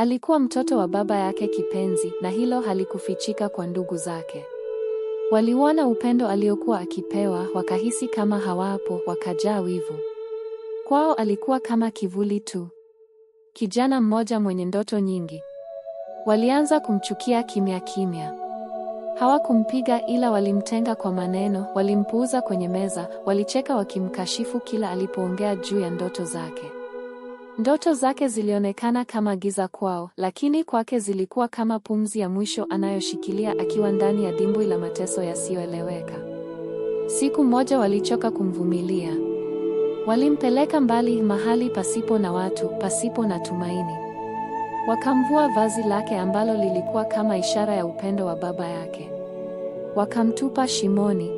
Alikuwa mtoto wa baba yake kipenzi, na hilo halikufichika kwa ndugu zake. Waliuona upendo aliokuwa akipewa, wakahisi kama hawapo, wakajaa wivu. Kwao alikuwa kama kivuli tu, kijana mmoja mwenye ndoto nyingi. Walianza kumchukia kimya kimya. Hawakumpiga ila walimtenga kwa maneno, walimpuuza kwenye meza, walicheka wakimkashifu kila alipoongea juu ya ndoto zake. Ndoto zake zilionekana kama giza kwao, lakini kwake zilikuwa kama pumzi ya mwisho anayoshikilia akiwa ndani ya dimbwi la mateso yasiyoeleweka. Siku moja walichoka kumvumilia. Walimpeleka mbali, mahali pasipo na watu, pasipo na tumaini. Wakamvua vazi lake ambalo lilikuwa kama ishara ya upendo wa baba yake. Wakamtupa shimoni.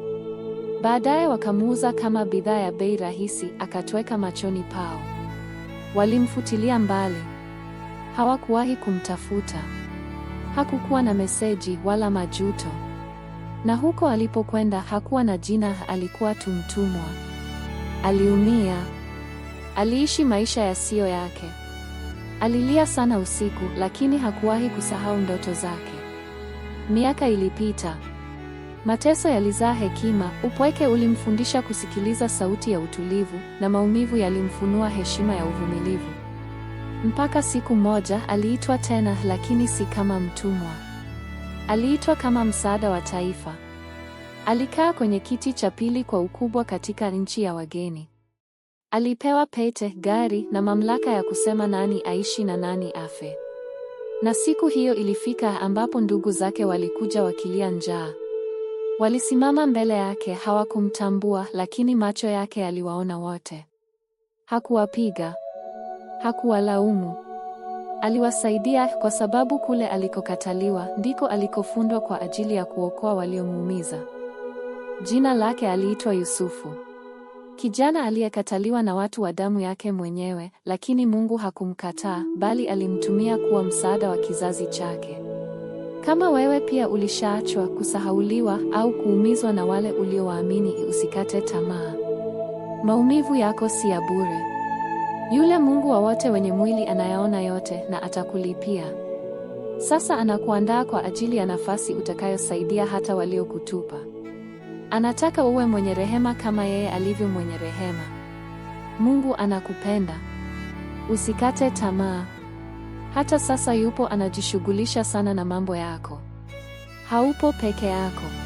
Baadaye wakamuuza kama bidhaa ya bei rahisi, akatweka machoni pao walimfutilia mbali. Hawakuwahi kumtafuta. Hakukuwa na meseji wala majuto, na huko alipokwenda hakuwa na jina, alikuwa tu mtumwa. Aliumia, aliishi maisha yasiyo yake. Alilia sana usiku, lakini hakuwahi kusahau ndoto zake. Miaka ilipita. Mateso yalizaa hekima, upweke ulimfundisha kusikiliza sauti ya utulivu, na maumivu yalimfunua heshima ya uvumilivu. Mpaka siku moja aliitwa tena, lakini si kama mtumwa. Aliitwa kama msaada wa taifa. Alikaa kwenye kiti cha pili kwa ukubwa katika nchi ya wageni. Alipewa pete, gari na mamlaka ya kusema nani aishi na nani afe. Na siku hiyo ilifika ambapo ndugu zake walikuja wakilia njaa. Walisimama mbele yake, hawakumtambua, lakini macho yake yaliwaona wote. Hakuwapiga, hakuwalaumu, aliwasaidia, kwa sababu kule alikokataliwa ndiko alikofundwa kwa ajili ya kuokoa waliomuumiza. Jina lake aliitwa Yusufu, kijana aliyekataliwa na watu wa damu yake mwenyewe, lakini Mungu hakumkataa, bali alimtumia kuwa msaada wa kizazi chake. Kama wewe pia ulishaachwa, kusahauliwa au kuumizwa na wale uliowaamini, usikate tamaa. Maumivu yako si ya bure. Yule Mungu wa wote wenye mwili anayaona yote na atakulipia. Sasa anakuandaa kwa ajili ya nafasi utakayosaidia hata waliokutupa. Anataka uwe mwenye rehema kama yeye alivyo mwenye rehema. Mungu anakupenda. Usikate tamaa. Hata sasa yupo anajishughulisha sana na mambo yako. Haupo peke yako.